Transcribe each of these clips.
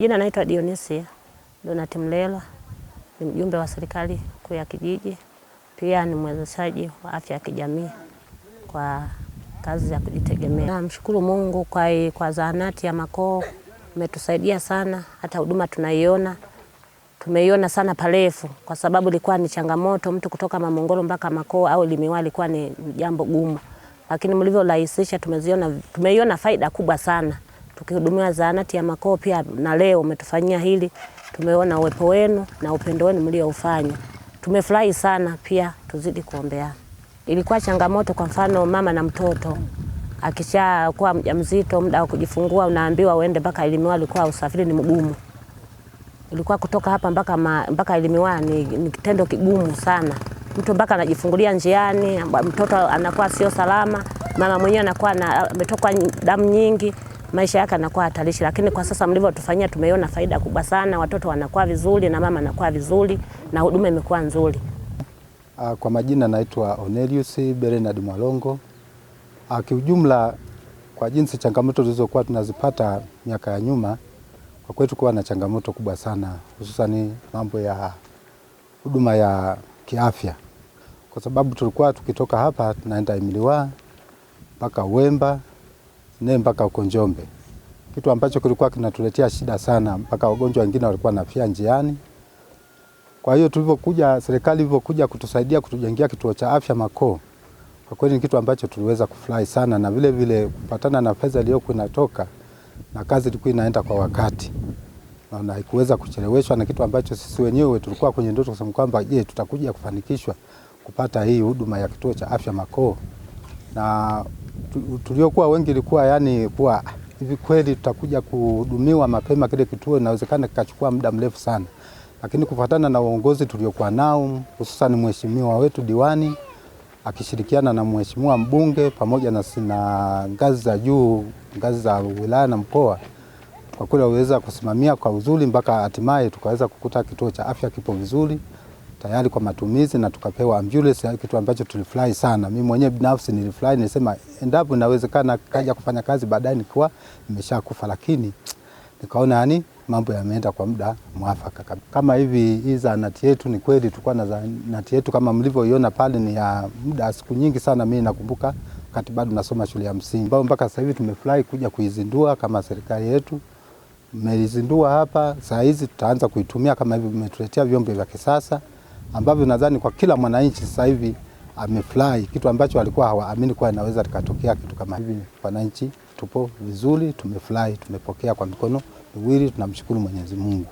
Jina naitwa Dionisia Donati Mlelwa, ni mjumbe wa serikali kuu ya kijiji, pia ni mwezeshaji wa afya ya kijamii kwa kazi ya kujitegemea. Namshukuru Mungu kwa, kwa zahanati ya Makoo umetusaidia sana, hata huduma tunaiona tumeiona sana parefu, kwa sababu ilikuwa ni changamoto mtu kutoka Mamongolo mpaka Makoo au Limiwa, ilikuwa ni jambo gumu, lakini mlivyorahisisha tumeiona faida kubwa sana tukihudumiwa zahanati ya Makoo pia, na leo umetufanyia hili, tumeona uwepo wenu na upendo wenu mlioufanya, tumefurahi sana. Pia tuzidi kuombea. Ilikuwa changamoto, kwa mfano mama na mtoto akishakuwa mjamzito, muda wa kujifungua unaambiwa uende mpaka Elimiwa. Alikuwa usafiri ni mgumu, ilikuwa kutoka hapa mpaka mpaka Elimiwa ni, ni kitendo kigumu sana mtu mpaka anajifungulia njiani, mtoto anakuwa sio salama, mama mwenyewe anakuwa ametoka damu nyingi maisha yake anakuwa hatarishi, lakini kwa sasa mlivyotufanyia, tumeona faida kubwa sana. Watoto wanakuwa vizuri na mama anakuwa vizuri na huduma imekuwa nzuri. Ah, kwa majina naitwa Onelius Bernard Mwalongo. Ah, kiujumla, kwa jinsi changamoto zilizokuwa tunazipata miaka ya nyuma, kwa kwetu kuwa na changamoto kubwa sana, hususani mambo ya huduma ya kiafya, kwa sababu tulikuwa tukitoka hapa tunaenda Imiliwa mpaka Uwemba ne mpaka huko Njombe, kitu ambacho kilikuwa kinatuletea shida sana, mpaka wagonjwa wengine walikuwa nafia njiani. Kwa hiyo tulivyokuja, serikali ilivyokuja kutusaidia kutujengia kituo cha afya Makoo, kwa kweli ni kitu ambacho tuliweza kufurahi sana, na vile vile kupatana na fedha iliyokuwa inatoka na kazi ilikuwa inaenda kwa wakati na haikuweza kucheleweshwa, na kitu ambacho sisi wenyewe tulikuwa kwenye ndoto kusema kwamba je, tutakuja kufanikishwa kupata hii huduma ya kituo cha afya Makoo na tuliokuwa wengi ilikuwa yani kuwa hivi kweli tutakuja kuhudumiwa mapema, kile kituo inawezekana kikachukua muda mrefu sana, lakini kufuatana na uongozi tuliokuwa nao, hususan mheshimiwa wetu diwani akishirikiana na mheshimiwa mbunge pamoja na sina ngazi za juu, ngazi za wilaya na mkoa, kwa kweli waweza kusimamia kwa uzuri mpaka hatimaye tukaweza kukuta kituo cha afya kipo vizuri tayari kwa matumizi na tukapewa ambulance, kitu ambacho tulifurahi sana. Mimi mwenyewe binafsi nilifurahi, nilisema endapo inawezekana kaja kufanya kazi baadaye nikiwa nimeshakufa, lakini nikaona yani mambo yameenda kwa muda mwafaka. Kama hivi hii zahanati yetu, ni kweli tulikuwa na zahanati yetu kama mlivyoiona pale, ni ya muda siku nyingi sana. Mimi nakumbuka wakati bado nasoma shule ya msingi, ambao mpaka sasa hivi tumefurahi kuja kuizindua kama serikali yetu mmeizindua hapa. Saa hizi tutaanza kuitumia kama hivi, mmetuletea vyombo vya kisasa ambavyo nadhani kwa kila mwananchi sasa hivi amefurahi, kitu ambacho alikuwa hawaamini kuwa inaweza likatokea kitu kama hivi. Wananchi tupo vizuri, tumefurahi, tumepokea kwa mikono miwili, tunamshukuru Mwenyezi Mungu.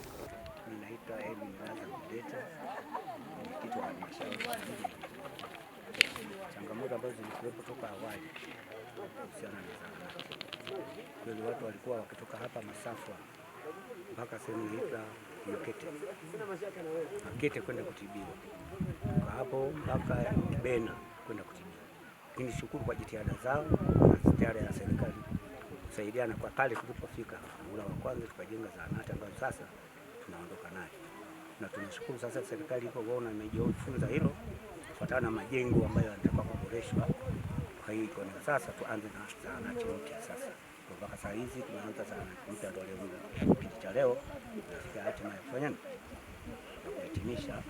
Watu walikuwa wakitoka hapa mpaka sehemu inaitwa Makete, Makete kwenda kutibiwa, kwa hapo mpaka Bena kwenda kutibiwa. Lakini shukuru kwa jitihada zao na jitihada ya serikali kusaidiana kwa pale tulipofika mula wa kwanza, tukajenga zahanati ambayo sasa tunaondoka nayo, na tunashukuru sasa serikali iko waona imejifunza hilo, kufuatana na majengo ambayo yanataka kuboreshwa Kwa hiyo sasa tuanze na zahanati mpya sasa. Mpaka saa hizi tumeanza zahanati mpya ndio leo leo katika hatima ya kufanya na kuhitimisha